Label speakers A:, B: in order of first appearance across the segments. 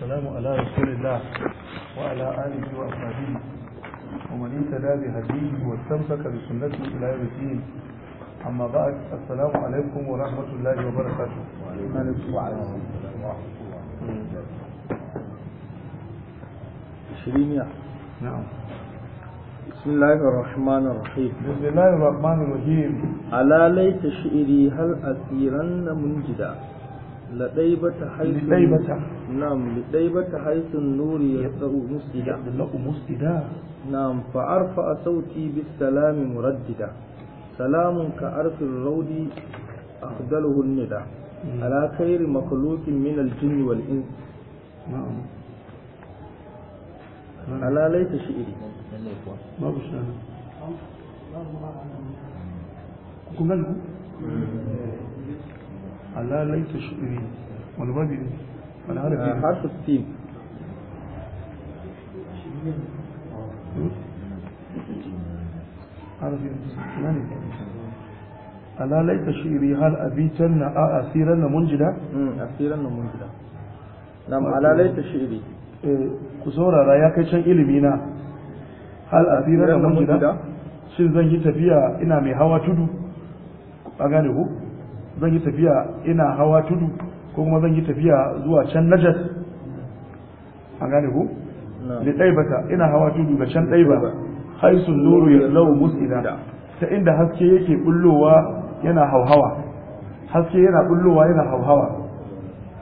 A: والسلام على رسول الله وعلى آله وأصحابه ومن انتدى بهديه واستمسك بسنته إلى يوم الدين أما بعد السلام عليكم ورحمة الله وبركاته وعليكم السلام ورحمة الله
B: شرينيا نعم بسم الله الرحمن الرحيم بسم الله الرحمن الرحيم على ليت شئري هل أثيرن جدا laɗaibata haifin laɗaibata haifin nuri ya tsaru musida musida na fa'arfa a sauti bis salami muraddida salamun ka arfin raudi a hunnida ala kairi makalukin min aljinni wal ins ala shi iri
A: Allah laita shuɗi wani mabi ne wani harfi harfi steam harfi na ne Allah laita shuɗi na a asirar na mun jida? asirar na mun jida na ma'ala laita shuɗi ku saurara ya kai can ilimi na hal asirar na mun jida? shin zan yi tafiya ina mai hawa tudu a gane zan yi tafiya ina hawa tudu ko kuma zan yi tafiya zuwa can najas an gane ko li ɗaibata ina hawa tudu ga can ɗaiba haisu nuru ya lau musina ta inda haske yake bullowa yana hauhawa haske yana bullowa yana hauhawa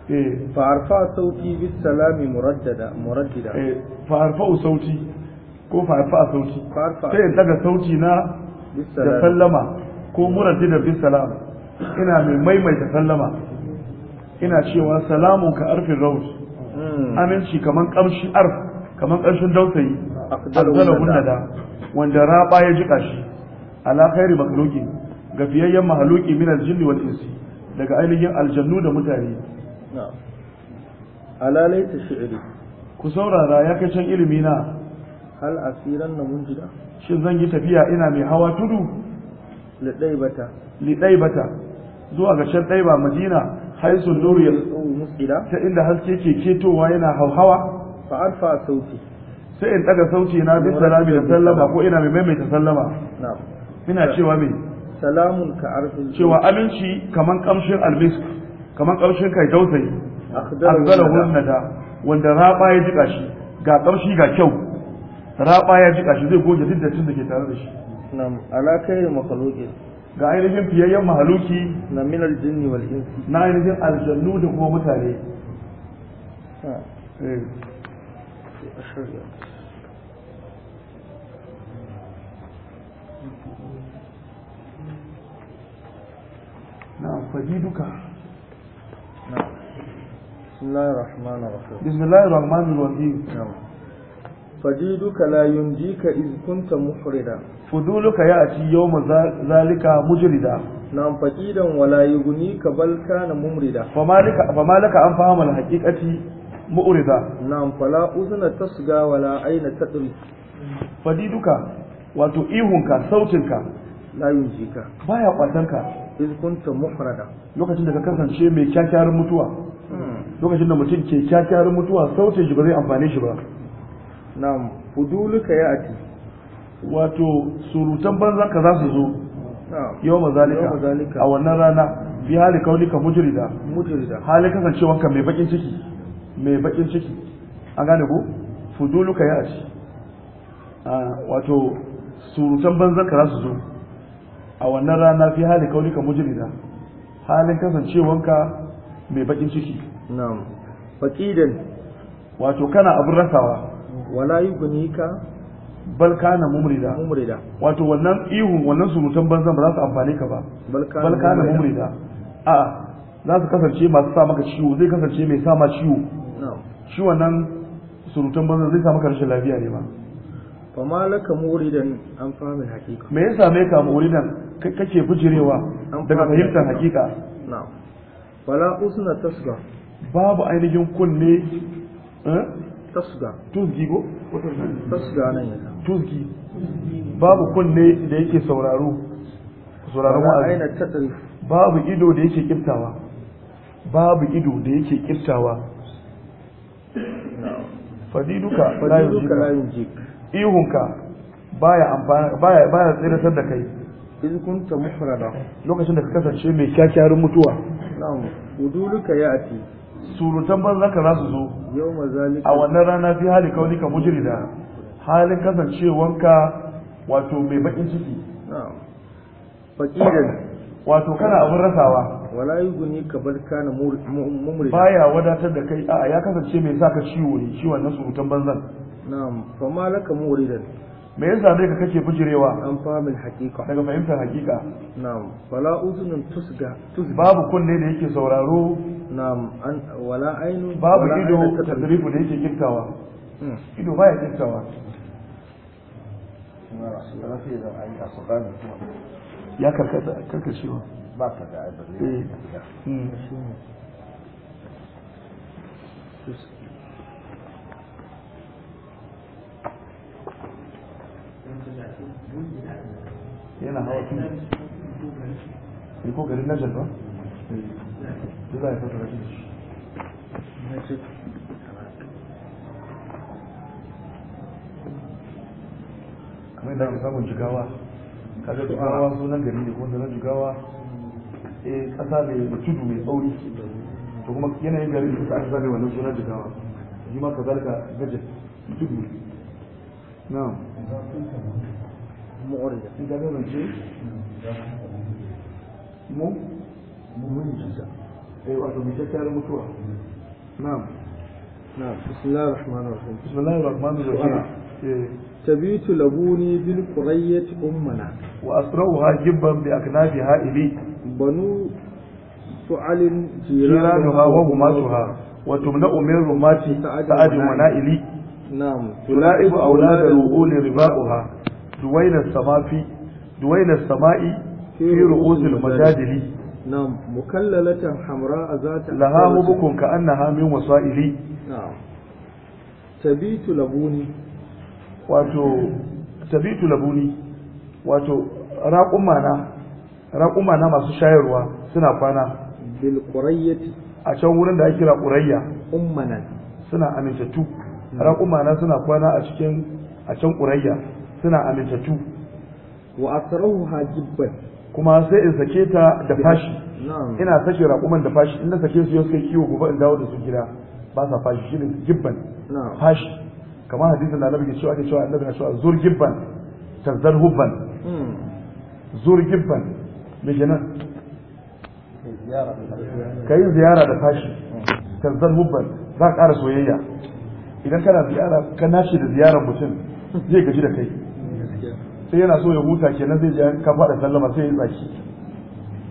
A: eh fa arfa sauti bis salami muraddada muraddida eh fa sauti ko fa arfa sauti sai daga sauti na da sallama ko muraddida bis salama ina mai maimaita sallama ina cewa salamun ka arfin raus hmm. aminci kamar ƙarshen arf kaman kamshin dausayi akdala da wanda raba ya jika shi ala khairi makhluqi ga fiyayyen mahaluki min aljin wal insi daga ainihin aljannu da mutane
B: ala laita shi'ri
A: ku saurara ya kai can ilimi na hal
B: asiran na munjida
A: shin zan yi tafiya ina mai hawa tudu lidaibata lidaibata zuwa ga can ɗai ba madina haisun nuru ya musila ta inda haske ke ketowa yana hauhawa fa arfa sauti sai in daga sauti na bi salami da sallama ko ina mai maimaita sallama ina cewa me salamun ka arfin cewa aminci kaman kamshin almisk kaman kamshin kai dausayi akhdara nada wanda raba ya jika shi ga kamshi ga kyau raba ya jika shi zai goge duk da tun da ke tare da shi na'am ga ainihin fiyayyen mahaluki na minar aljinni wal insi na ainihin aljannu da kuma mutane eh. na fadi duka بسم الله الرحمن الرحيم بسم الله الرحمن الرحيم fadiduka la yunjika iz kunta muhrida fuduluka ya'ti yawma zalika mujrida nan faqidan wala yughnika bal kana mumrida famalika famalika an fahama alhaqiqati mu'rida nan fala uzna tasga wala aina tadri fadiduka wato ihunka sautinka la yunjika baya kwatanka iz kunta muhrida lokacin da ka kasance mai kyakkyawar mutuwa hmm. lokacin da mutum ke kyakkyawar mutuwa sautin shi ba zai amfane shi ba na'am fuduluka ya ati wato surutan banza ka za su zo yau mazalika a wannan rana fi hali ka mujrida mujrida hali kasancewan ka mai bakin ciki mai bakin ciki an gane ko fuduluka ya ati wato surutan banza ka za su zo a wannan rana fi hali kaunika mujrida halin kasancewanka mai bakin ciki na'am faqidan wato kana abin rasawa wala yugnika bal kana mumrida mumrida wato wannan ihu wannan surutan banzan ba za su amfane ka ba bal kana mumrida a za su kasance masu sa maka ciwo zai kasance mai sa ma ciwo shi wannan surutan banzan zai sa maka rashin lafiya ne ma
B: fa malaka muridan an fahimta hakika me yasa me ka
A: muridan kake bujirewa daga fahimtar hakika na'am fala usna tasga babu ainihin kunne eh? tasga tuzgi ko tasga nan ya ta tuzgi babu kunne da yake sauraro sauraron wa'azi babu ido da yake kiftawa babu ido da yake kiftawa fadiduka fadiduka la yujik ihunka baya amfana baya baya tsiratar da kai in kunta mufrada lokacin da ka kasance mai kyakkyawar mutuwa na'am ya ati surutan banza ka za su zo a wannan rana fi hali kauni ka mujiri da halin kasancewanka wato mai bakin ciki wato kana abin rasawa wala guni ka bar kana mumri baya wadatar da kai a ya kasance mai ka ciwo ne ciwon na surutan banzan na fa malaka muridan me yasa ne ka kace bujirewa an fahimin hakika daga fahimtar hakika na'am wala uzunun tusga babu kunne da yake sauraro na'am an wala ainu babu ido tadrifu da yake giftawa hmm. ido baya
B: ya karkata ba ka
C: yana hawa tun
A: yi ko garin najar ba da za a yi fata da shi kamar yadda aka samun jigawa kaga jigawa sunan gari ne kuma na jigawa eh kasa ne da tudu mai tsauri to kuma yanayin garin da aka zabe wannan sunan jigawa shi ma kazalika gajin tudu نعم mu'arida in mu mu'arida eh wato mu tattara mutuwa
B: na'am na'am bismillahir rahmanir rahim bismillahir rahmanir rahim
A: تبيت لبوني بالقرية أمنا وأسرعها جبا بأكنافها إلي بنو سعل جيرانها وهماتها وتمنأ من رمات سعد نعم تلائب أولاد الوؤول رباؤها دوين السماء في دوين السماء في رؤوس المجادل نعم مكللة حمراء ذات لها مبك كأنها من وسائل نعم تبيت لبوني واتو تبيت لبوني واتو راقمنا raƙumana masu shayarwa suna kwana bil qurayyati a can wurin da ake kira qurayya ummanan suna tu raƙuma na suna kwana a cikin a can ƙurayya suna amintattu wa asrahu hajibban kuma sai in sake ta da fashi ina sake raƙuman da fashi in na sake su yau sai kiwo gobe in dawo da su gida ba sa fashi shi ne gibban fashi kamar hadisin da annabi ke cewa ake cewa annabi na cewa zur gibban tazar hubban hmm. zur gibban mai kenan
C: ka yi ziyara da
A: fashi tazar hubban za ka ƙara soyayya idan kana ziyara ka nashi da ziyarar mutum zai gaji da kai sai yana so ya huta kenan zai ji ka faɗa sallama sai ya tsaki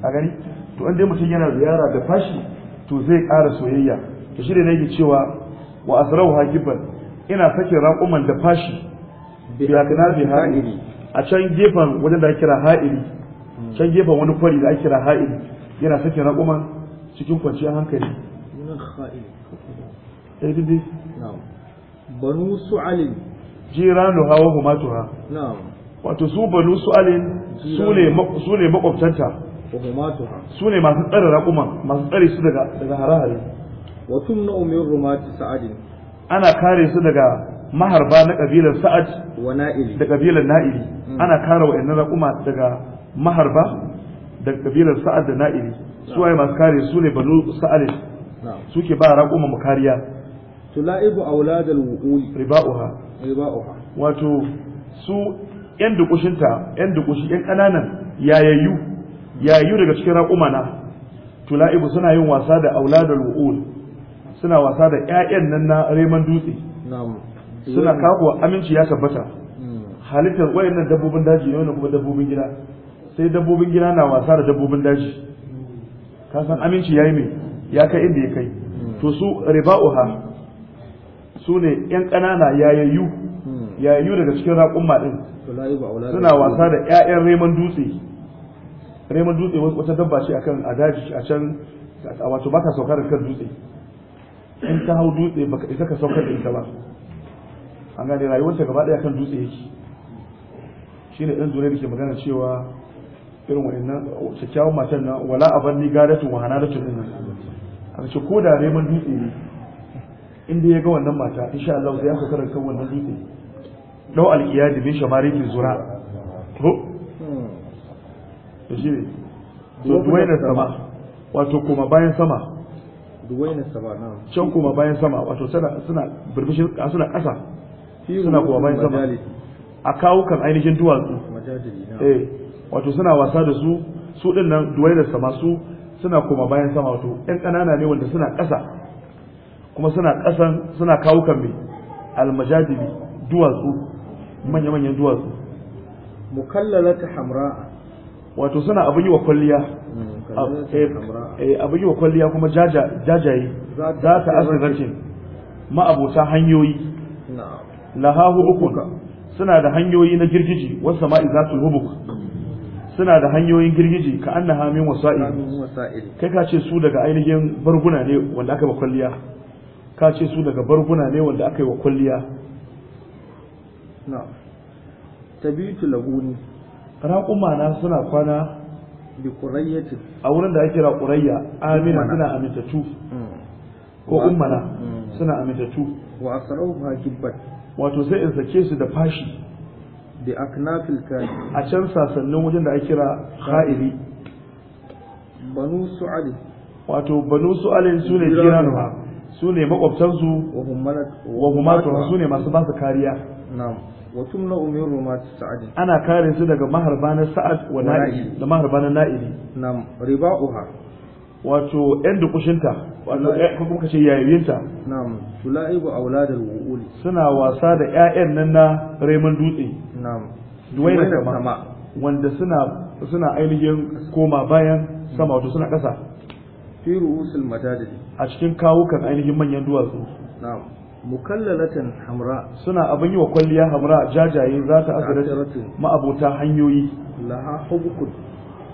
A: a gani to in dai mutum yana ziyara da fashi to zai ƙara soyayya to shirya na nake cewa wa asrau hakiban ina sakin raƙuman da fashi bi akna bi ha'ili a can gefen wajen da ake kira ha'ili can gefen wani kwari da ake kira ha'ili yana sakin raƙuman cikin kwanciyar hankali banu su'alin jiranu hawa humatuha na'am wato su banu su'alin su ne su ne makwabtanta su ne masu tsare raƙuma masu tsare su daga daga harahari wa tumna umur rumati sa'adin ana kare su daga maharba na kabilar sa'ad wa na'ili da kabilar na'ili mm. ana kare wa'annan raƙuma daga maharba da kabilar sa'ad da na'ili su waye masu kare su ne banu sa'alin suke ba raƙuma mu kariya tula'ibu auladal wuqul riba'uha riba'uha wato su yan dukushinta yan dukushi yan kananan yayayyu yayayyu daga cikin raqumana tula'ibu suna yin wasa da auladal wuqul suna wasa da ƴaƴan nan na reman dutse suna kawo aminci ya tabbata hmm. halittar wayannan dabbobin daji ne wannan kuma dabbobin gida sai dabbobin gida na wasa da dabbobin daji ka san aminci yayi me ya kai inda ya kai hmm. to su riba'uha su ne yan ƙanana yayayyu hmm. yayayyu daga cikin raƙumma ɗin suna wasa da 'ya'yan reman dutse reman dutse wata dabba ce akan a daji a can a wato ba ka saukar da kan dutse in ta hau dutse baka isa ka saukar da ita ba an gane ta gaba ɗaya kan dutse yake shi ne ɗan zure da ke magana cewa irin wa'annan oh, kyakkyawan matan nan wala abanni gadatun wa hanadatun tunanin a ce ko da reman dutse ne inda ya ga wannan mata insha Allah sai ya karanta wannan hadisi dau al-iyad shamari fi zura to shi ne duwainar sama wato kuma bayan sama
B: duwainar sama na
A: can kuma bayan sama wato suna suna burbushin suna ƙasa suna kuma bayan sama a kawo kan ainihin duwatsu eh wato suna wasa da su su din nan duwainar sama su suna kuma bayan sama wato 'yan ƙanana ne wanda suna ƙasa kuma suna kasan suna kawukan mai almajadibi duwatsu manya-manyan duwatsu
B: ta hamra
A: wato suna abin yi wa kwalliya hmm, ah, eh, eh, abin yi wa kwalliya kuma jajaye za ta asibarcin ma'abota hanyoyi lahahu uku suna da hanyoyi na girgiji wasu ma'i za su hubuk suna da hanyoyin girgiji ka an na hamin wasa'il kai ka ce su daga ainihin barguna ne wanda aka ba kwalliya ka ce su daga barguna ne wanda aka yi wa kwalliya na tabiitu laguni raƙuma na suna kwana bi qurayyati a wurin da ake ra qurayya amina suna amintatu mm. ko ummana mm. suna amintatu wa asrahu hakibbat wato sai in sake su da fashi bi aknafil kai a can sasannin wajen da ake ra kha'iri banu su'ali wato banu su'ali sune jiranuwa su ne makwabtansu wa humatu su ne masu basu kariya wa tun na umir rumat sa'adi ana kare su daga maharba na sa'ad wa na'ibi da maharba na na'ibi na'am wato yan dukushinta wato ko kuma kace yayinta na'am tulaibu auladul wuuli suna wasa da ƴaƴan nan na Raymond Dutse na'am duwaina kama wanda suna suna ainihin koma bayan sama wato suna ƙasa fi ru'usul a cikin kawukan ainihin manyan duwatsu na'am mukallalatan hamra suna abin yi wa kwalliya hamra jajaye za ta asirar ma'abota hanyoyi laha hubukun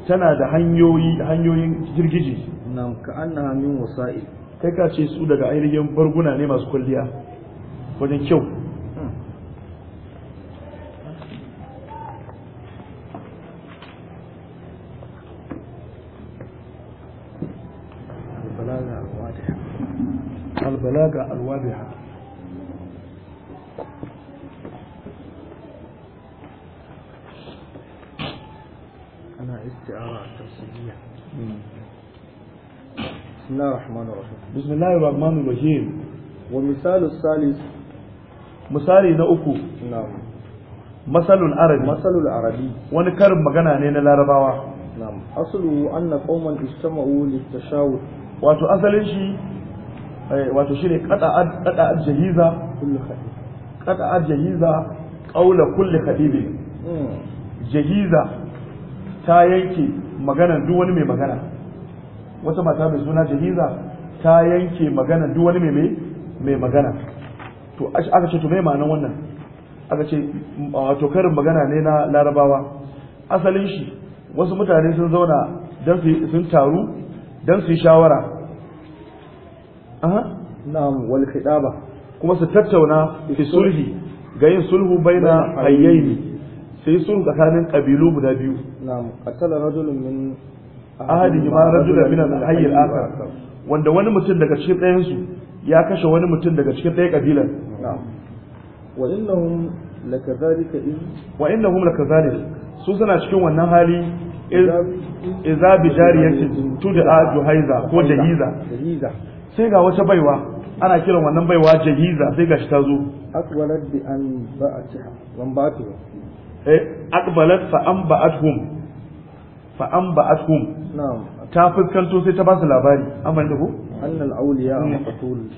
A: tana da hanyoyi hanyoyin girgiji na'am ka annaha min wasa'i kai ka ce su daga ainihin barguna ne masu kwalliya wajen kyau
B: بها أنا استعارة تفسيرية
A: بسم الله الرحمن الرحيم بسم الله الرحمن الرحيم ومثال الثالث misali na uku masalul arabi masalul arabi wani karin magana ne na larabawa asulu anna qauman istama'u litashawur wato asalin shi Eh, wato shi ne, kada a kullu khatib qata'at jahiza qawla kulli khatib hmm. jahiza ta yanke magana duk wani mai magana wata mata mai suna jahiza ta yanke magana duk wani mai mai magana to aka ce to mai ma'anar wannan aka ce mm, wato karin magana ne na larabawa asalin shi wasu mutane sun zauna don sun taru don su yi shawara na'am kuma su tattauna fi sulhi ga yin sulhu baina hayyaini sai sulhu tsakanin kabilu guda biyu na'am qatala rajulun min ahadi ma rajulun min al-hayy al wanda wani mutum daga cikin ɗayan su ya kashe wani mutum daga cikin ɗaya kabilan wa innahum lakadhalika iz wa innahum su suna cikin wannan hali iza bi da tud'a juhaiza ko jahiza sai ga wata baiwa ana kiran wannan baiwa jahiza sai shi ta zo aqbalat bi an ba'atha wan ba'atha eh aqbalat fa an ba'athum fa an ba'athum na'am ta fuskanto sai ta ba su labari amma da ko annal auliya mm. maqtul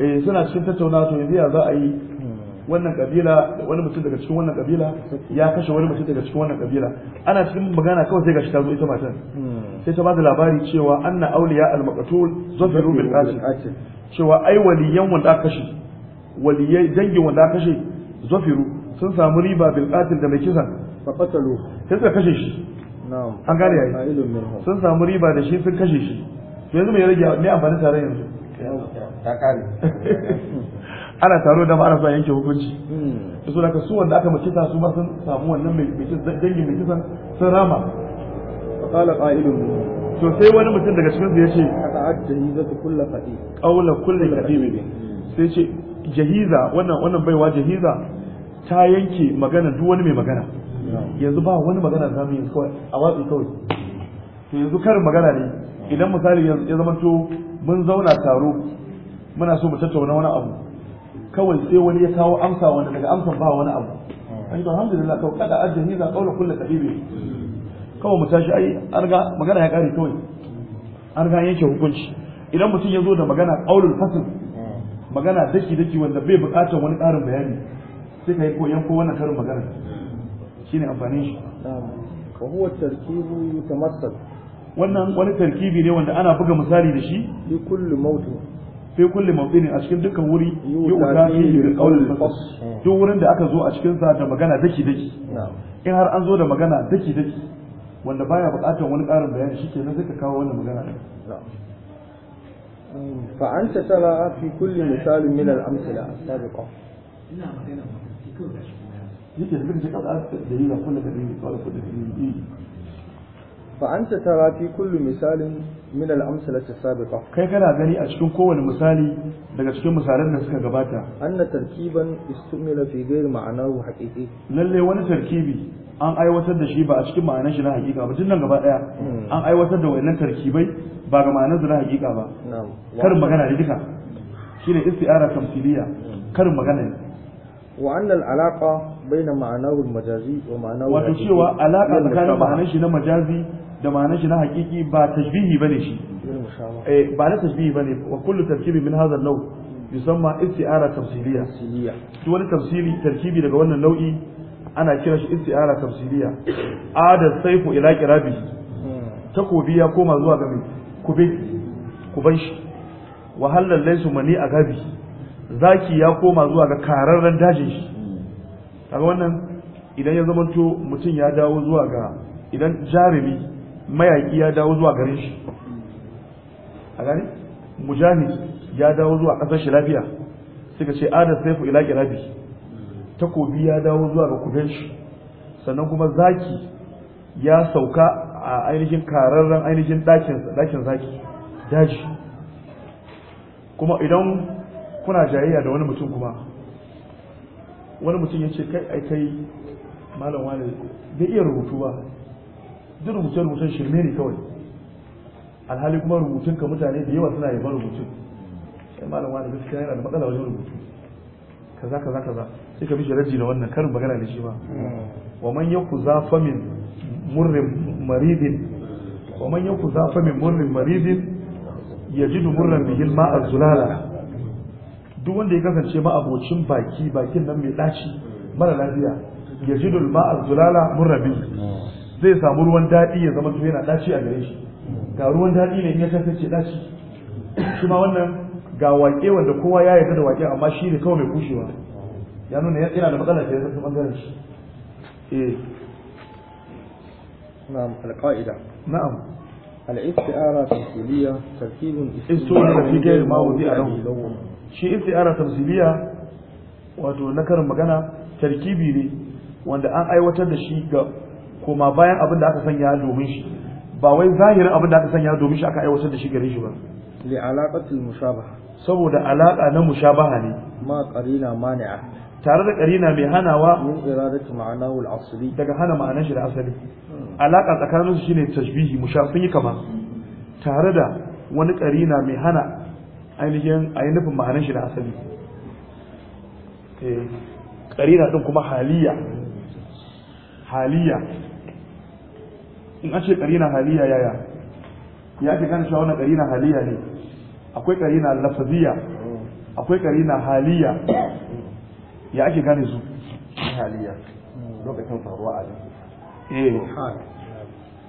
A: eh suna cikin tattaunawa to yanzu ya za a yi wannan kabila da wani mutum daga cikin wannan kabila ya kashe wani mutum daga cikin wannan kabila ana cikin magana kawai sai ga ta zo ita matan hmm. sai ta ba da labari cewa anna auliya al-maqtul zafiru bil qatil cewa ai waliyan wanda aka kashe waliyai dangin wanda aka kashe zafiru sun samu riba bil qatil da mai kisan fa qatalu sai suka kashe shi na'am an gane yayi sun samu riba da shi sun kashe shi to yanzu mai rage me amfani tare yanzu ta kare ana taro da ba ana so yanke hukunci hmm. da su wanda aka makisa su ma sun samu wannan dangin mai kisan sun rama qala qa'ilun to sai wani mutum daga cikin su yace qata'at jahizatu kullu qadi qawla kullu qadi sai ce jahiza wannan wannan baiwa jahiza ta yanke magana duk wani mai magana hmm. yanzu ba wani magana da zamu yi kawai a watsi kawai to yanzu karin magana ne idan misali ya zama to mun zauna taro muna so mu tattauna wani abu kawai sai wani ya kawo amsa wanda daga amsan ba wani abu an yi alhamdulillah kawai kada ajiyar za kaula kulle tabibi kawai mu tashi ai an ga magana ya kare kawai an ga yanke hukunci idan mutum ya zo da magana kaulul fasl magana daki daki wanda bai bukatar wani karin bayani sai kai ko yanko wannan karin magana shine amfanin shi wa huwa tarkibu yutamassal wannan wani tarkibi ne wanda ana buga misali da shi li kullu mawdu' fi kulli mawdin a cikin dukkan wuri yi yu'ta fihi bil qawl duk wurin da aka zo a cikin sa da magana daki daki in har an zo da magana daki daki wanda baya buƙatar wani ƙarin bayani shi kenan sai ka kawo wannan magana
B: mm, fa anta tara
A: fi kulli misalin min al amsila sabiqa
C: ina magana ma kike da shi
A: yake da kike da dalilin kullu da dalilin kullu da dalilin fa anta
B: tara fi kulli misalin min al-amsalati sabiqa kai kana
A: gani a cikin kowane misali daga cikin misalan da suka gabata anna tarkiban istumila fi ghairi ma'anahu haqiqi lalle wani tarkibi an aiwatar da shi ba a cikin ma'anar shi na hakika ba nan gaba daya hmm. an aiwatar da wayannan tarkibai ba ga ma'anar na hakika ba karin magana ne duka shine isti'ara karin magana ne baina wa majazi da ma'ana shi na hakiki ba tashbihi bane shi eh ba na tashbihi bane wa kullu tarkibi min hadha an-naw yusamma isti'ara tafsiliya duk wani tafsili tarkibi daga wannan nau'i ana kira shi isti'ara tafsiliya ada saifu ila qirabi hmm. takobi ya koma zuwa ga mai kube kuban shi wa halal mani a gabi zaki ya koma zuwa ga kararren dajin shi hmm. kaga wannan idan ya zamanto mutum ya dawo zuwa ga idan jarumi mayaki ya dawo zuwa garin shi a gani mujahid ya dawo zuwa ƙasar shi lafiya suka ce adar saifu ila kirabi takobi ya dawo zuwa ga shi sannan kuma zaki ya sauka a ainihin kararren ainihin ɗakin zaki daji kuma idan kuna jayayya da wani mutum kuma wani mutum ya ce kai aikai kai malam wani bai iya rubutu ba duk rubuce-rubucen shirme ne kawai alhali kuma rubutun ka mutane da yawa suna yaban rubutun sai malam wani gaskiya yana da matsala wajen rubutu kaza kaza kaza sai ka bi sharaji da wannan karin magana da shi ba wa man yaku zafa min murrin maridin wa man yaku zafa min murrin maridin yajidu murran bihi ma'a zulala duk wanda ya kasance ma abocin baki bakin nan mai daci mara lafiya yajidu ma'a zulala murrabi zai samu ruwan daɗi ya zama yana ɗaci a gare shi ga ruwan daɗi ne ya kasance ɗaci shi ma wannan ga waƙe wanda kowa ya yarda da waƙe amma shi ne kawai mai kushewa ya nuna yana da matsala ke zai ɓangaren shi eh
B: na'am alƙa'ida na'am
A: الاستعارة تمثيلية تركيب استعارة في غير ما وضع له شيء استعارة تمثيلية wato na karin magana tarkibi ne wanda an aiwatar da shi ga koma bayan abin da aka sanya domin shi ba wai zahirin abin da aka sanya domin shi aka aiwatar da shi gare shi ba li alaqatil mushabaha saboda alaƙa na mushabaha ne ma qarina mani'a tare da qarina mai hanawa min iradati ma'anahu al-asli daga hana ma'anar shi da asali alaƙa tsakanin su shine tashbihi mushafin yi kama tare da wani qarina mai hana ainihin ainihin ma'anar shi da asali eh, qarina din kuma haliya haliya in an ce karina haliya yaya ya ke gane cewa na karina haliya ne akwai karina lafaziya akwai karina haliya ya ake gane su haliya lokacin faruwa a eh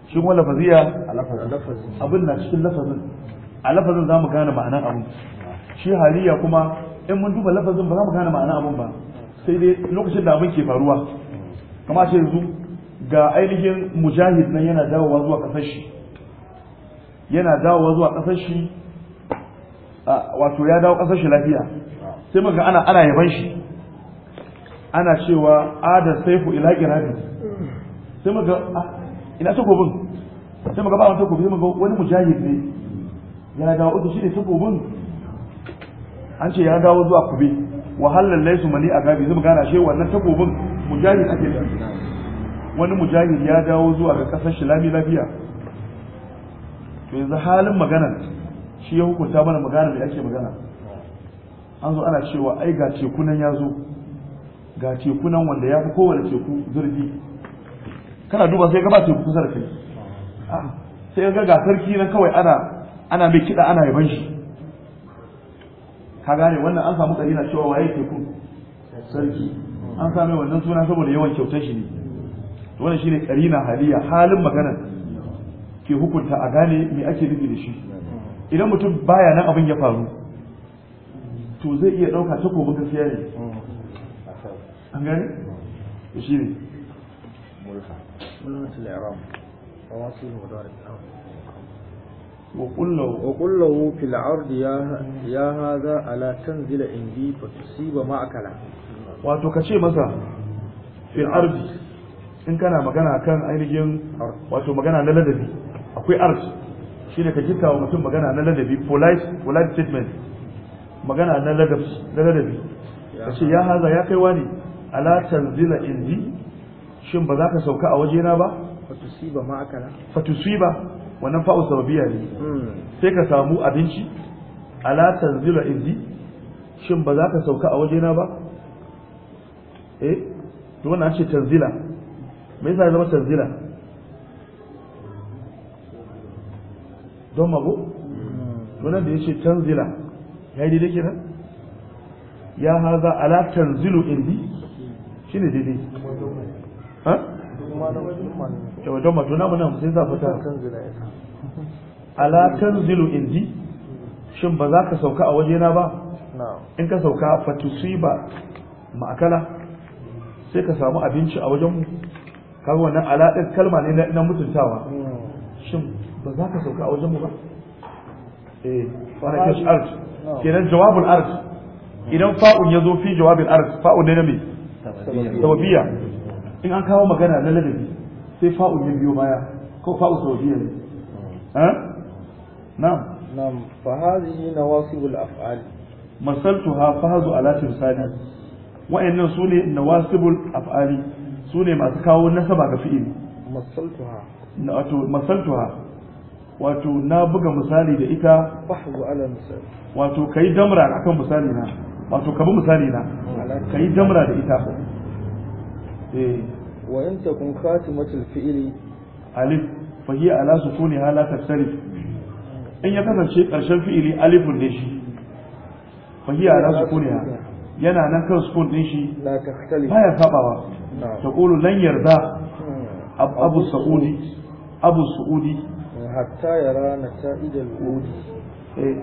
A: shi kuma lafaziya abin na cikin lafazin a lafazin za mu gane ma'anar abin shi haliya kuma in mun duba lafazin ba za mu gane ma'anar abin ba sai dai lokacin da abin ke faruwa kama ce yanzu ga ainihin mujahid nan yana dawowa zuwa kasar shi yana dawowa zuwa kasar shi wato ya dawo kasar shi lafiya sai muka ana ana yaban shi ana cewa ada saifu ila kirabi sai muka ah, ina takobin sai muka ba wani takobi sai muka wani mujahid ne ya dawo uku shi ne takobin an ce ya dawo zuwa kube wahalar laisu mali a gabi zai gana shi wannan takobin mujahid ake da wani mujahid ya dawo zuwa ga kasar shi lami lafiya to yanzu halin magana shi ya hukunta mana magana da ake magana an zo ana cewa ai ga tekunan ya zo ga tekunan wanda ya fi kowane teku zurfi kana duba sai gaba teku kusa da kai sai ga ga sarki na kawai ana ana mai kiɗa ana yaban shi ka gane wannan an samu tsari na cewa waye tekun sarki an same wannan suna saboda yawan kyautar shi ne to wannan shine karina haliya halin magana ke hukunta a gane me ake nufi da shi idan mutum baya nan abin ya faru to zai iya dauka ta gobe gaskiya ne an gane to shine
B: وقل له وقل له في العرض يا يا هذا
A: الا تنزل عندي فتصيب معك wato kace masa fil ardi in kana magana kan ainihin wato magana na ladabi akwai art shi ne ka jika wa mutum magana na ladabi polite polite statement magana na ladabi ka ce ya haza ya kai wani ala tanzila indi shin ba za ka sauka a wajena ba fatusiba ma akala fatusiba wannan fa'u sababiya ne hmm. sai ka samu abinci ala tanzila indi shin ba za ka sauka a wajena ba eh to wannan ce tanzila me yasa ya zama tanzila don mago to nan da yace tanzila yayi daidai kenan ya haza ala tanzilu indi shine daidai ha yawa don mago na munan sai za fita ala tanzilu indi shin ba za ka sauka a wajena ba in ka sauka fatusiba ma'akala sai ka samu abinci a wajen mu. kaga wannan alaɗin kalma ne na mutuntawa shin ba za ka sauka a wajen mu ba eh fa kish ke kenan jawabul arj idan fa'un ya zo fi jawabul arj fa'un ne na me sababiya in an kawo magana na ladabi sai fa'un ya biyo baya ko fa'u sababiya ne mm. ha eh? na'am نعم فهذه نواصب الأفعال مثلتها Alatin على تمثال وإن نصول nawasibul af'ali su ne masu kawo nasaba ga fi'ili masaltuha wato wato na buga misali da ita fahzu ala misali wato kai damra kan misali na wato ka bi misali na yi damra da ita eh wa in kati matul fi'ili alif fa hiya ala sukuniha la tasarif in ya kasance karshen fi'ili alifun ne shi ala su ala ha. yana nan kan sukun din shi baya sabawa ta kulu lan yarda hmm. abu sa'udi abu sa'udi
B: hatta yara na
A: eh,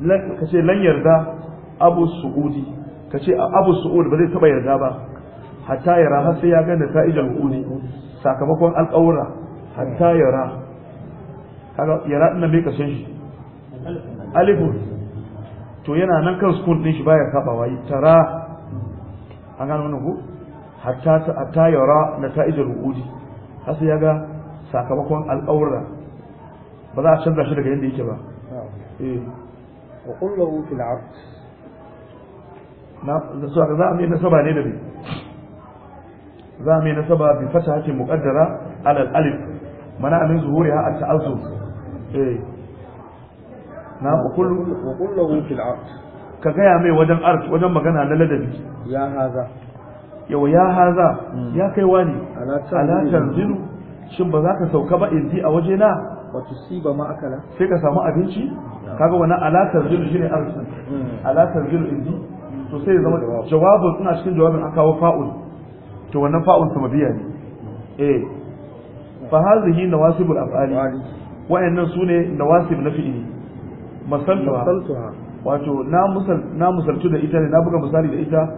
A: lan yarda abu sa'udi abu ba zai taba yarda ba hatta yara har sai ya ga nata'ija al'udi sakamakon alƙawura hatta yara kaga yara din shi alifun to yana nan kan sukun din shi baya kabawa tara an gano wannan ku hatta atayara na nata'ijul wuudi har sai yaga sakamakon al'aura ba za a canza shi daga yadda yake ba
B: eh wa qullahu fil aqd
A: na da su za a mai nasaba ne da bi za a mai nasaba bi fatahatin muqaddara ala al alif mana min zuhuriha at ta'azzuz eh na kullu wa kullu fi al'aq ka gaya mai wajen art wajen magana na ladabi ya haza yau ya haza hmm. ya kai wani ala tanzilu shin ba za ka sauka ba in ji a waje na wa tusiba ma akala sai ka samu abinci kaga wani ala tanzilu shine art hmm. ala tanzilu in ji to sai ya zama jawabin suna cikin jawabin aka wa fa'ul to wannan fa'ul biya ne eh hmm. fa hazihi nawasibul af'ali wa'annan sune nawasib na fi'ili masaltuha wato na musal na musaltu da ita ne na buga misali da ita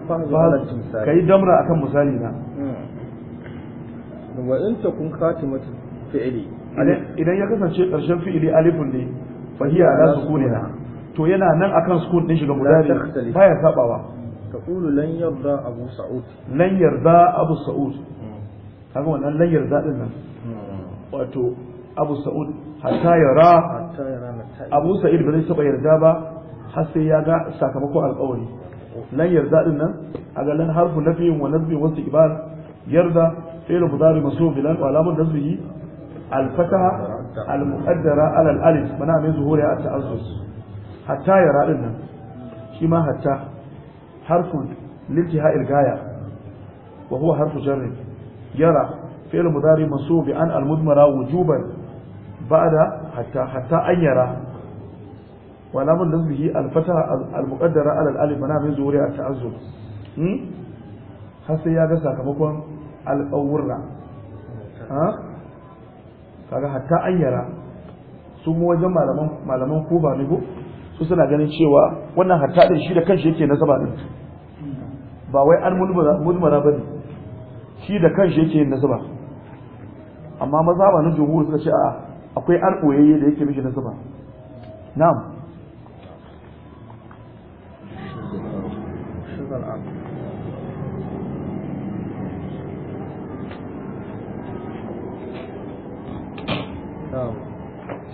A: ka yi damra akan misali na hmm. wa in takun khatimatu fi'li idan ya kasance karshen fi'li alifun ne fa hiya ala sukuniha to yana nan akan sukun din shiga mudari baya sabawa taqulu lan yarda abu sa'ud lan yarda abu sa'ud hmm. kaga wannan lan yarda din nan hmm. wato abu sa'ud hatta yara abu sa'id ba zai taɓa yarda ba har sai ya ga sakamakon alƙawari nan yarda din nan a ga lan harfu nafiyin wa nasbin wasu ibar yarda fi'l kuzari mansub bilan alamun nasbihi al-fataha al-muqaddara ala alif mana mai zuhuri a ta'azzus hatta yara din nan shi ma hatta harfu لانتهاء الغاية وهو حرف جر يرى فعل مضارع an عن المضمرة wujuban. ba'da hatta hatta an yara mun lamun nasbihi al-fataha ala al-alif mana min zuhuri at-ta'azzur hmm? har sai ya ga sakamakon al ha kaga hatta an yara su mu wajen malaman malaman kuba ne ko su suna ganin cewa wannan hatta din shi da kanshi yake nasaba din ba wai an mulmara ba ne shi da kanshi yake yin nasaba amma maza ba na jumhur suka ce a akwai an ɓoyayye da yake mishi nasaba na'am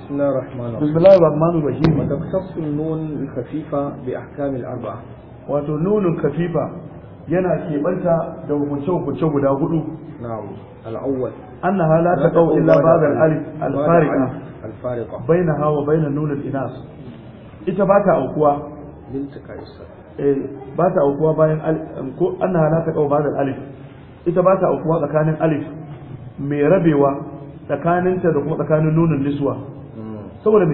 A: بسم الله الرحمن الرحيم وتختص النون الخفيفة بأحكام الأربعة وتنون الخفيفة yana keɓanta da hukunce-hukunce guda huɗu. نعم الأول أنها لا تقع إلا بعد الألف الفارقة الفارقة بينها وبين النون الإناث إذا بات أوقوا بات أوقوا بين أنها لا بعد الألف إذا بات الألف mai rabewa tsakaninta da kuma tsakanin nunin niswa saboda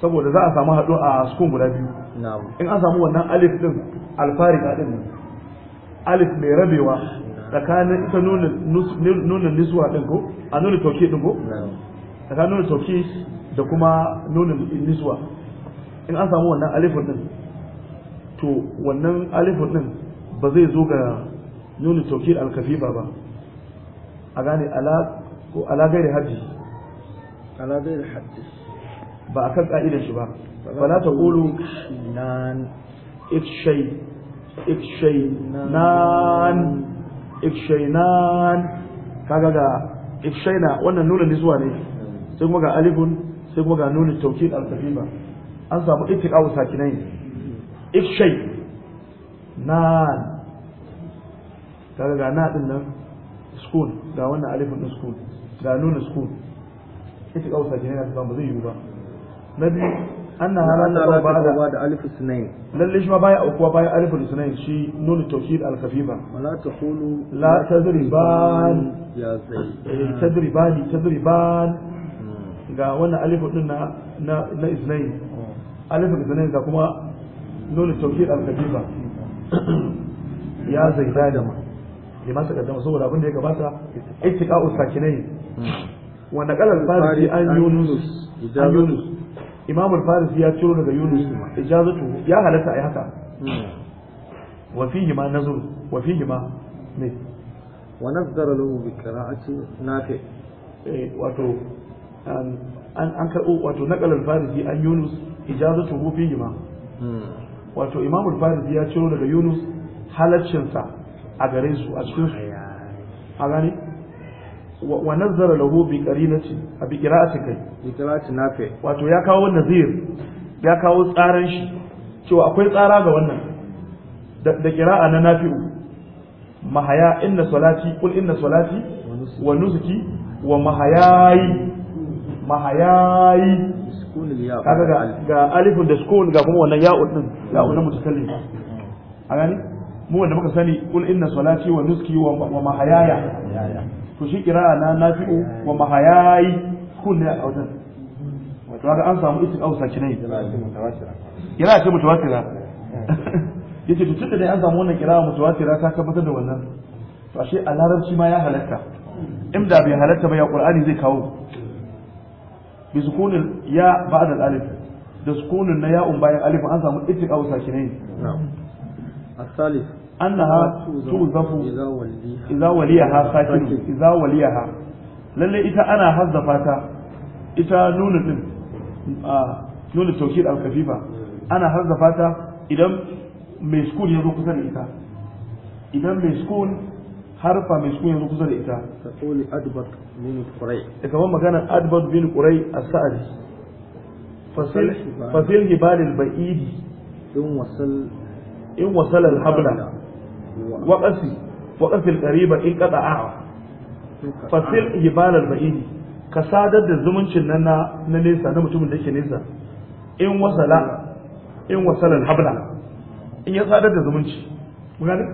A: saboda za a samu haɗu a sukun guda biyu in an samu wannan alif din alfarika alif mai rabewa tsakanin ita nuna niswa ɗin ko a nuna tauki ɗin ko tsakanin nuna tauki da kuma nuna niswa in an samu wannan alifin ɗin to wannan alifin ɗin ba zai zo ga nuna tauki alkafi ba a gane ala gairi hajji hajji ba a kan ƙa'idar shi ba fala ta ƙulu ikshai ikshai nan ifshainan kaga ga ifshaina wannan nuna ne zuwa ne sai kuma ga alifun sai kuma ga nuna tauki al-safiba an samu wa sakinai ifshai nan kaga ga na din nan sukun ga wannan alifun din sukun ga nuna sukun wa sakinai na ba zai yi ba na biyu annaha la taqaw ba'da da alif sunayn lalle shi ma baya aukuwa baya alif sunayn shi nun tawkid al khafifa wala taqulu la tadriban ya sai tadriban tadriban ga wannan alif din na na na isnayn alif sunayn ga kuma nun tawkid al khafifa ya zaida da ma lima ta kaddama saboda abin da ya gabata ittiqa'u sakinai wa naqala al-bari an yunus imam al-farisi ya ciro daga yunus hmm. ijazatu ya halatta ai haka hmm. wa fihi ma nazar wa fihi ma ne wa nazzara lahu bi qira'ati nafi eh, wato an an karbo wato naqal al-farisi an yunus ijazatu fihi ma hmm. wato imam al-farisi ya ciro daga yunus halaccin sa a gare su a cikin su a gane wa nazzara lahu bi qira'ati bi qira'ati kai nafe wato ya kawo nazir ya kawo tsaran shi cewa akwai tsara ga wannan da kira'a na nafi'u mahaya inna salati kul inna salati wa nusuki wa mahayayi mahayayi kaga ga ga alifun da sukun ga kuma wannan ya'u din ya'u na mutakallim a gani mu wanda muka sani kul inna salati wa nusuki wa mahayaya to shi kira'a na nafi'u wa mahayayi sukun ne a wajen wato ga an samu isin ausa kinai yana ce mutawatira yace to tunda dai an samu wannan kira mutawatira ta tabbatar da wannan to ashe a larabci ma ya halatta in da bai halatta ba ya qur'ani zai kawo bi sukunin ya ba'da al-alif da sukunin na ya'un bayan alif an samu ittiqa wa sakinai na'am as-salif annaha tuzafu idza waliyaha sakin idza waliyaha lalle ita ana hazzafa ta ita nuna din nuna tawkid al-kafifa ana harzafa ta idan mai sukun ya zo kusa da ita idan mai sukun harfa mai sukun ya zo kusa da ita ta tsoli adbat min qurai da kamar magana adbat bin qurai as-sa'di fasil fasil hibal al-ba'idi in wasal in wasal al-habla wa qasi wa qasi al-qariba in qata'a fasil hibal baidi ka sadar da zumuncin nan na nesa na mutumin da yake nesa in wasala in wasalan habla in ya sadar da zumunci gani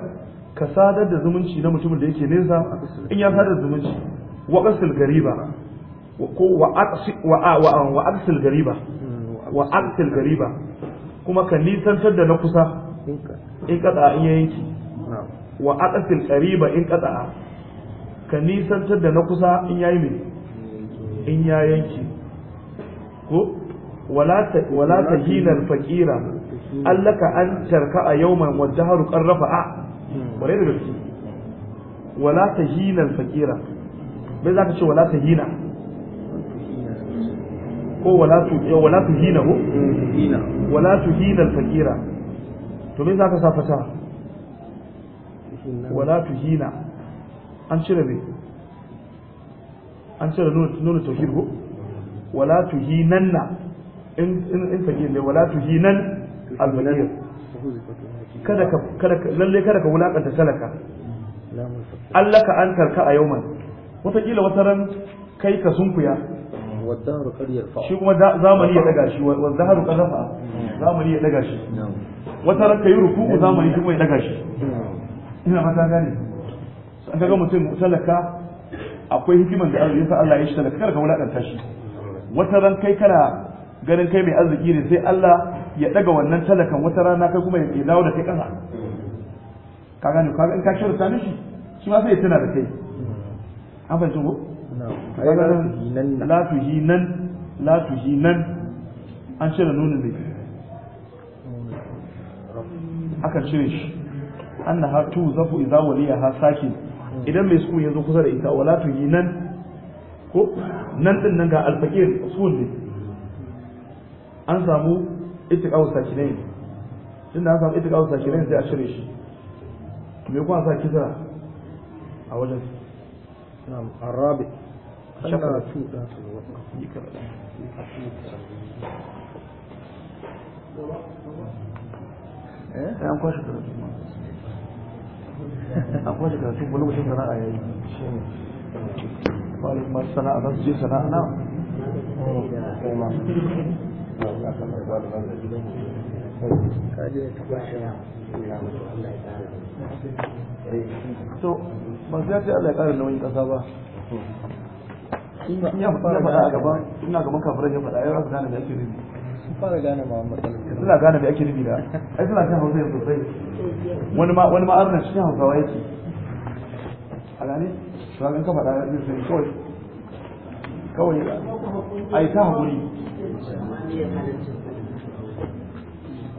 A: ka sadar da zumunci na mutumin da yake nesa in ya sadar da zumunci wa qasil gariba ko wa aqsi wa wa wa aqsil gariba wa aqsil gariba kuma ka nisantar da na kusa in kada in yanki wa aqsil gariba in kada ka nisantar da na kusa in yayi mini. in ya yanki ko wala ta hinar fakira allaka an tarka a yau yawman wadda haru karrafa a ware da gaske wala ta hinar fakira bai za ka ce wala ta hina ko wala ta hina ko wala ta hinar fakira to bai za ka sa fata wala ta hina an cire bai an cire nuna tauhid ko wala tuhinanna in in sake ne wala tuhinan al-walid kada ka kada ka, lalle kada ka wulakanta talaka Allah ka an tarka a yauman wataƙila wata ran kai ka sunkuya shi kuma zamani ya daga shi wa zaharu kan zamani ya daga shi wata ran kai ruku zamani kuma ya daga shi ina mata gane an kaga mutum talaka akwai hikiman da yasa Allah ya shi da kada ka wulakanta shi wata ran kai kana ganin kai mai arziki ne sai Allah ya daga wannan talakan wata rana kai kuma ya dawo da kai kana ka gane ka in ka shirta mishi shi ma sai ya tana da kai an fahimci ko la tuhinan la tuhinan an cire nunin ne akan cire shi annaha tu zafu idza ha sakin idan mai sukun ya zo kusa da ita wala tu nan ko nan din nan ga alfaqir sukun ne an samu itiqaw sakinain tunda an samu itiqaw sakinain sai a cire shi me kuma sa kisa a wajen na'am arabi shakara tu da eh an kwashe da akwai da karatu wani mutum sana'a ya yi wani masu sana'a za su je sana'a na
C: so ba su
A: ya ce Allah ya ƙara nauyin ƙasa ba in ya faɗa a gaban ina gaban kafiran ya faɗa ya gane da ake fara gane ma matsalar suna gane da ake nufi da ai suna cin hausa yanzu sosai wani ma wani ma arna cikin hausawa yake a gane to an ka faɗa zai sani kawai kawai ai ta hakuri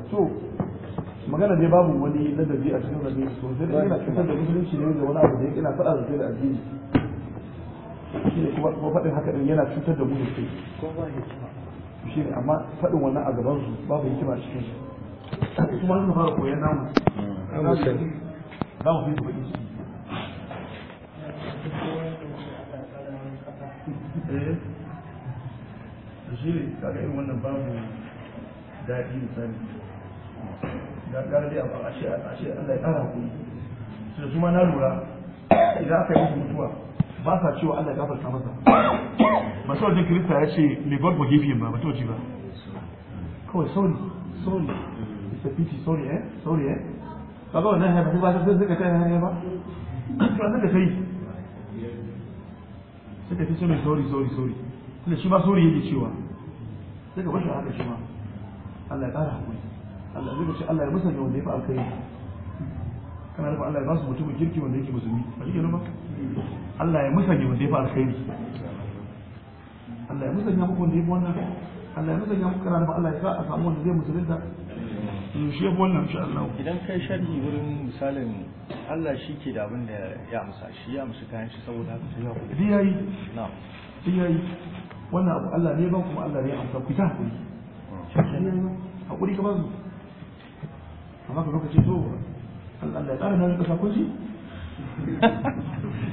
A: to magana dai babu wani ladabi a cikin rabe sosai da yana cutar da musulunci ne da wani abu da yake na faɗa da da addini shi ne kuma faɗin haka ɗin yana cutar da mu sosai shi ne amma faɗin wannan a gaban su babu hikima a cikin shi kuma sun fara koyon namu za mu fi su baƙi da shi ne kaga irin wannan babu daɗi misali da ƙara dai a shi Allah ya ƙara hakuri su da su ma na lura idan aka yi mutuwa ba sa cewa Allah ya gafarta masa ba sai wajen kirista ya ce me god forgive him ba ba to ji ba kawai sorry sorry it's a pity sorry eh sorry eh ga wannan ya ba sai suka kai hanyar ba to suka kai suka ce mai sorry sorry sorry tunda shi ba sorry yake cewa sai ka bashi haka shi ma Allah ya kara hakuri Allah zai ce Allah ya musanya wanda ya fi alkhairi kana nufin Allah ya ba su mutumin kirki wanda yake musulmi ba shi ke ba Allah ya musanya wanda ya fi alkhairi Allah ya musanya muku wanda ya fi wannan Allah ya musanya muku kana ba Allah ya sa a samu wanda zai musulunta shi ya fi wannan insha Allah
B: idan kai sharhi wurin misalin Allah shi ke da abin da ya amsa shi ya
A: amsa kayan shi saboda haka sai ya ku shi yayi na'am shi yayi wannan abu Allah ne ban kuma Allah ne amsa ku ta hakuri hakuri ka ba su amma ka lokaci to Allah ya tsara nan kasa kun ji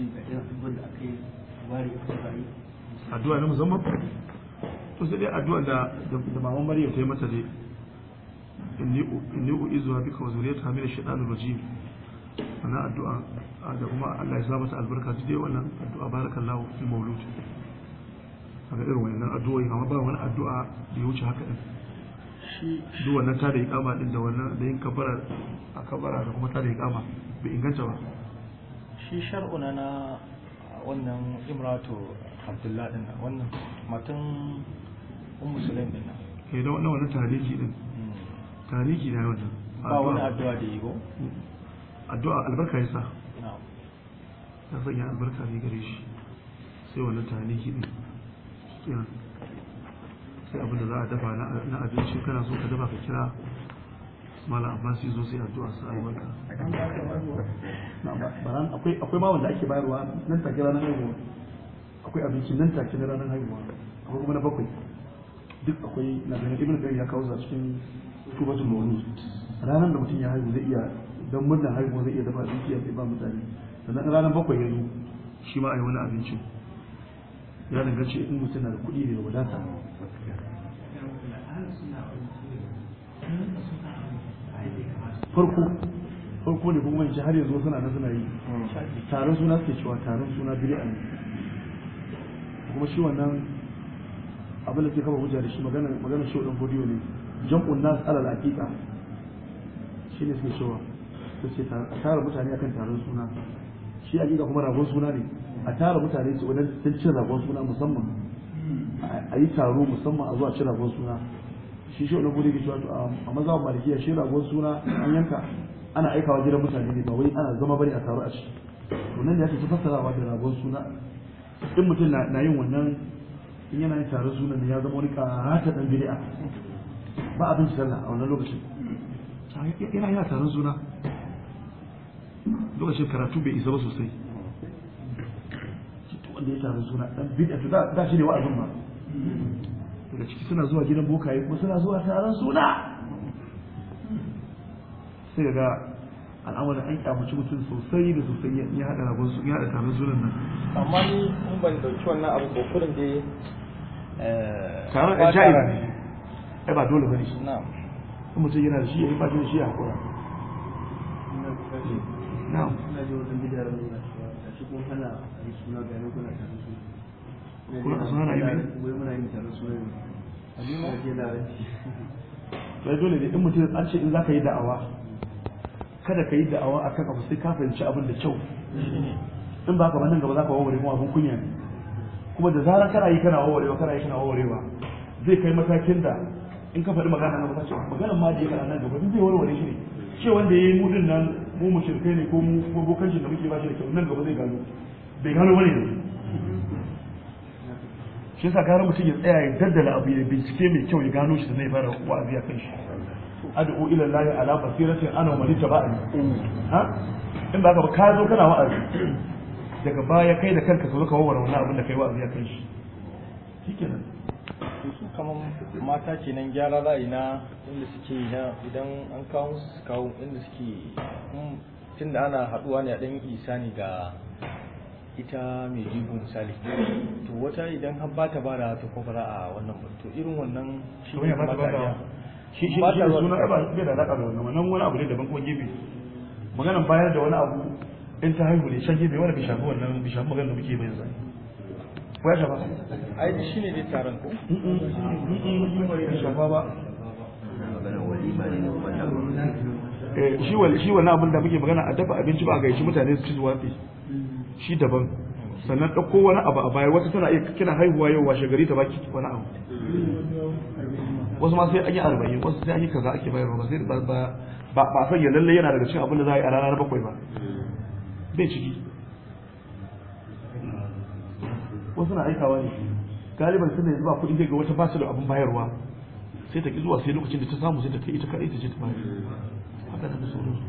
A: shin ga irin da aka yi ware addu'a na musamman to sai dai addu'a da da maman Mariya ta yi mata dai inni u'izu bika wa zuriyata min ash-shaytanir rajim ana addu'a da kuma Allah ya sabata albarka dai wannan addu'a barakallahu fil maulud kaga irin wannan addu'o'i amma ba wani addu'a da ya wuce haka din duk wannan tada iqama din da wannan da yin kabara a kabara da kuma tada iqama bai inganta ba
B: shi shar'una na wannan imratu abdullah din wannan matan ummu sulaim din
A: ke eh, da wannan wani tariki din hmm. tariki da din ba wani addu'a da yi ko addu'a albarka ya sa ya sanya albarka ne gare shi sai wani tariki din sai abin da za a dafa na abinci kana so ka dafa ka kira malam abbas zo sai addu'a sa albarka baran akwai akwai ma wanda ake bayarwa nan take ranar haihuwa akwai abinci nan take na ranar haihuwa akwai kuma na bakwai duk akwai na ganin ibn qayyim ya kawo za cikin tubatul mawlud ranar da mutum ya haihu zai iya dan murnar haihuwa zai iya dafa abinci ya ba mutane sannan ranar bakwai ya zo shi ma a yi wani abincin ya danganci in mutum na da kuɗi ne da wadata farko farko ne kuma yanzu har yanzu suna nan suna yi taron suna suke cewa taron suna bid'a ne kuma shi wannan abin da ke kafa hujja da shi magana magana shi wannan bodiyo ne jam'un nas alal aqiqa shi ne suke cewa su ce tara mutane akan taron suna shi aqiqa kuma rabon suna ne a tara mutane su wajen cin rabon suna musamman a yi taro musamman a zuwa cin rabon suna shi shi wani gudu cewa a mazhaban malikiya shi ragon suna an yanka ana aikawa gidan mutane ne ba wai ana zama bane a taru a ciki to nan ne ake fassarawa da ragon suna in mutum na yin wannan in yana yin taron suna ne ya zama wani karata dan bid'a ba abin sallah a wannan lokacin yana a taron suna lokacin karatu bai isa ba sosai wanda ya taron suna dan bid'a to da shi ne wa'azin ba daga ciki suna zuwa gidan bokaye kuma suna zuwa taron suna sai ga al'amarin an kyamaci mutum sosai da sosai ya haɗa rabon su ya haɗa taron sunan nan
B: amma ni in ban dauki wannan abu ko kurin dai eh, taron ajaib
A: ai ba dole bane na'am in mutum yana da shi ya yayi bakin shi ya hakura
C: na'am na ji wajen bidiyar da shi kuma hana a yi suna bayanan kuna taron kuma su hana yi
A: bai dole ne in mutum an ce in za ka yi da'awa kada ka yi da'awa a kan abu sai ka fahimci abin da kyau in ba ka ba nan gaba za ka wawware kuma abin kunya kuma da zarar kana yi kana wawarewa kana yi kana wawarewa zai kai matakin da in ka faɗi magana na mutace maganar ma da ya kana nan gaba duk zai warware shi ne ce wanda ya yi mudin nan mu mu shirkai ne ko mu bokanci da muke ba shi da kyau nan gaba zai gano bai gano bane ne shi yasa gara mutum ya tsaya ya daddala abu ya bincike mai kyau ya gano shi da zai fara wa'azi a kan shi ad'u ila allahi ala basiratin ana wa ba'a ha in ba ka ka zo kana wa'azi daga baya kai da kanka zo ka warware wannan abin da kai wa'azi a kan shi
B: shikenan su kamar mata kenan gyara ra'ayi na inda suke ya idan an kawo su kawo inda suke hmm, da ana haduwa ne a dan isani ga ita mai jigo misali to wata idan har ba ta bada ta kofara a wannan
A: to irin wannan shi ne ba ta bada shi shi ba ta suna ba bai da alaka da wannan wannan wani abu ne daban kuma gibi maganan bayar da wani abu in ta haihu ne shan gibi wani bi shafi wannan bi shafi maganar da muke bai zai ko ya shafa ai shi ne dai taron ko in shafa ba eh, shi wani abin da muke magana a dafa abinci ba a gaishi mutane su ci zuwa fi shi daban sannan ɗauko wani abu a baya wata tana iya kina haihuwa yau washe gari ta baki wani abu wasu ma sai an yi arba'in wasu sai an yi kaza ake bayarwa ba sai ba ba a sanya lalle yana daga cikin abin da za a yi a ranar bakwai ba bai ciki wasu na aikawa ne galiban suna zuba ba kuɗi zai ga wata ba su da abin bayarwa sai ta ki zuwa sai lokacin da ta samu sai ta kai ita kaɗai ta ce ta bayar haka da sauransu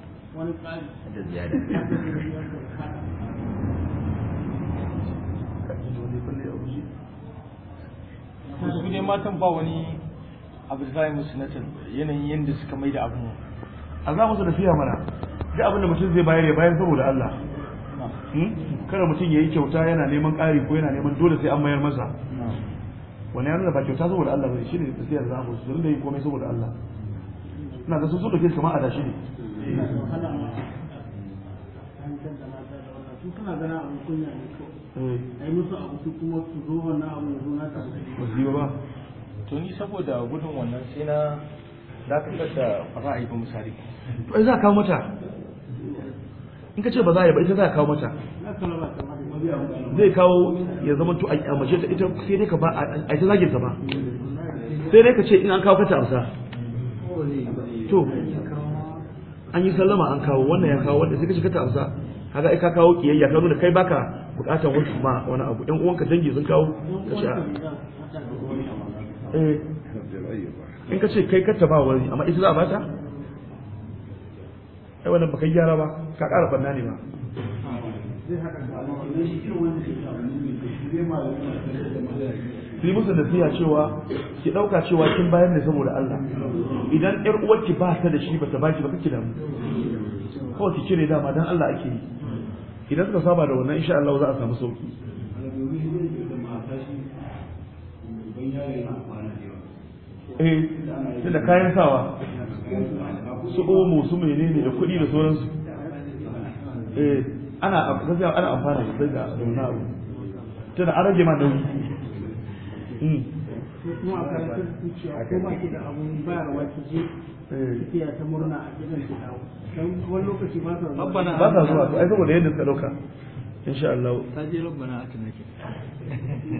B: da ziyada su ne matan ba wani abu da zai musu natar yanayin yadda suka mai da abu
A: a za musu da fiya mana duk abin da mutum zai bayar ya bayar saboda Allah hmm? kada mutum ya yi kyauta yana neman ƙari ko yana neman dole sai an mayar masa wani ya nuna ba kyauta saboda Allah ba shi ne tafiyar za su, musu da yi komai saboda Allah ina ga sun so da ke kama a shi ne
B: to ni saboda gudun wannan sai na ba
A: misali to ai a kawo mata in ka ce ba za a yi ba ita za a kawo mata zai kawo ya zama to a mace ta ita sai dai ka ba a ita zagin ba sai ka ce in an kawo kata ta amsa to an yi sallama an kawo wannan ya kawo wanda sai ka shiga ta amsa kaga ai ka kawo kiyayya ka nuna kai baka bukatar wani ma wani abu ɗan uwanka dangi sun kawo ka sha eh in ka ce kai ka ba wani amma ita za a bata ai wannan baka gyara ba ka ƙara fanna ne ba
B: zai haka da amma wannan shi kiran wanda ke da zai da
A: su yi musu nasiha cewa ki ɗauka cewa kin bayar ne saboda Allah idan ƴar uwarki ba ta da shi ba ta baki ba kake damu kawai ki cire dama dan Allah ake yi idan suka saba da wannan insha Allah za a samu sauki
C: eh da kayan sawa
A: su omo su menene da kuɗi da sauransu eh ana ana amfana da da wannan abu tana an rage ma nauyi Hmm.
B: kuma a karatar zuciya ko ba da bayarwa ki ta murna a gidan ki dawo dan wani lokaci ba sa zuwa ba zuwa ai
A: saboda yadda suka dauka sha Allah ta je rabbana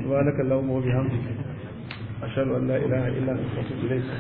A: wa wa bihamdika ashhadu an la ilaha illa anta astaghfiruka